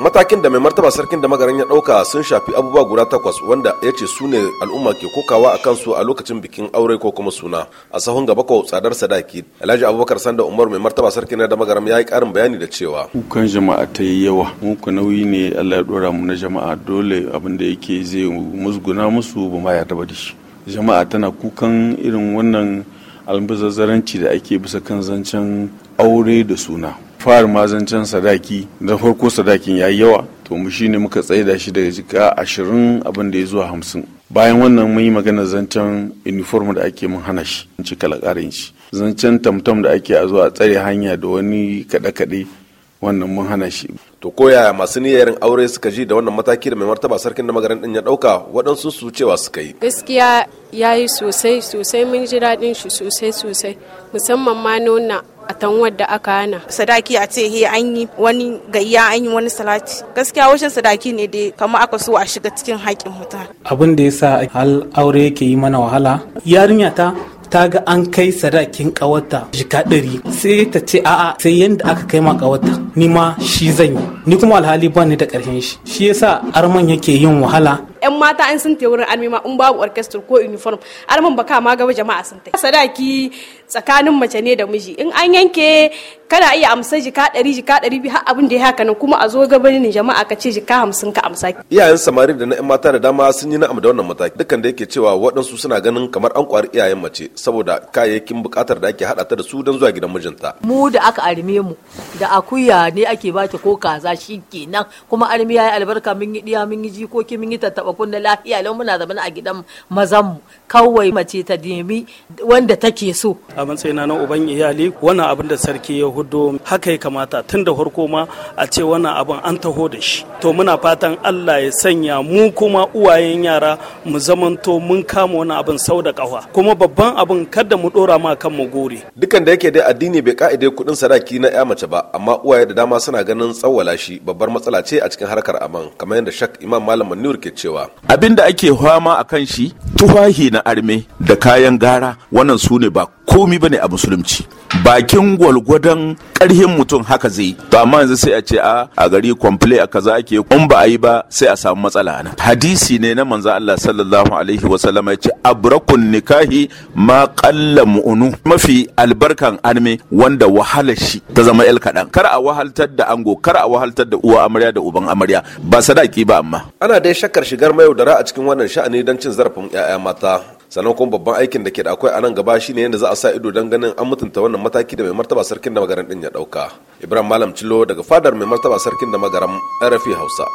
matakin da mai martaba sarkin da magaran ya dauka sun shafi abubuwa guda takwas wanda ya ce su ne al'umma ke kokawa a kansu a lokacin bikin aure ko kuma suna a sahun gaba ko tsadar sadaki alhaji abubakar sanda umar mai martaba sarkin da magaran ya yi karin bayani da cewa kukan jama'a ta yi yawa mun ku nauyi ne allah ya dora mu na jama'a dole abin da yake zai musguna musu ba ma yarda ba da shi jama'a tana kukan irin wannan albazazzaranci da ake bisa kan zancen aure da suna fara mazancen sadaki da farko sadakin ya yi yawa to mu shine muka tsaida shi daga jika ashirin abin da ya zuwa hamsin bayan wannan mun yi magana zancen uniform da ake mun hana shi in ci kalakarin shi zancen tamtam da ake a zuwa tsare hanya da wani kaɗe-kaɗe wannan mun hana shi to koya masu niyyar aure suka ji da wannan mataki da mai martaba sarkin da magaran din ya dauka waɗansu su cewa suka yi gaskiya ya yi sosai sosai mun ji daɗin shi sosai sosai musamman ma nuna a tan wadda aka hana sadaki a ce he an yi wani gayya an yi wani salati gaskiya wajen sadaki ne dai kamar aka so a shiga cikin haƙƙin mutum. abin da ya yasa hal aure yake yi mana wahala yarinya ta ta ga an kai sadakin kawata jika ɗari sai ta ce a'a sai yadda aka kai ma kawarta ni ma shi zan yi ni kuma alhali ba ni da ƙarshen shi shi yasa arman yake yin wahala yan mata an sun te wurin armi ma in babu orchestra ko uniform armin baka ma gaba jama'a sun ta sadaki tsakanin mace ne da miji in an yanke kana iya amsa jika ɗari jika ɗari biyu har abin da ya haka nan kuma a zo gabanin jama'a ka ce jika hamsin ka amsa. iyayen samari da na yan mata da dama sun yi na'am da wannan mataki dukkan da yake cewa waɗansu suna ganin kamar an kwari iyayen mace saboda kayayyakin buƙatar da ake haɗa ta da su don zuwa gidan mijinta. mu da aka arme mu da akuya ne ake baki ko kaza shi kenan kuma armi yi albarka mun yi diya mun yi jikoki mun yi tattaba kunna lafiya lau muna zama a gidan mazan mu kawai mace ta nemi wanda take so a matsayin na uban iyali wannan abin da sarki ya hudo haka ya kamata tun da farko ma a ce wannan abin an taho da shi to muna fatan Allah ya sanya mu kuma uwayen yara mu zamanto mun kama wani abin sau da kafa kuma babban abin kada mu dora ma kanmu gore. dukan da yake dai addini bai ka'ide kuɗin sadaki na ya mace ba amma uwaye da dama suna ganin tsawwala shi babbar matsala ce a cikin harkar aman kamar yadda shak imam malam manniur ke cewa abin da ake fama a kan shi tufahi na arme da kayan gara wannan su ne ba komi bane a musulunci bakin gwalgwadon karhin mutum haka zai to amma yanzu sai a ce a ah, a gari kwamfule a kaza ake in ba a yi ba sai a samu matsala na. hadisi ne na manzo Allah sallallahu alaihi wa sallam ya ce abrakun nikahi ma qalla mu'unu mafi albarkan anme wanda wahalar shi ta zama el kadan kar a wahaltar da ango kar a wahaltar da uwa amarya da uban amarya ba sadaki ba amma ana dai shakkar shigar mayaudara a cikin wannan sha'ani don cin zarafin 'ya'ya mata sannan kuma babban aikin da ke da akwai a nan gaba shine yadda za a sa ido don ganin an mutunta wannan mataki da mai martaba sarkin da magaran din ya dauka ibrahim malam cillo daga fadar mai martaba sarkin da magaran rfi hausa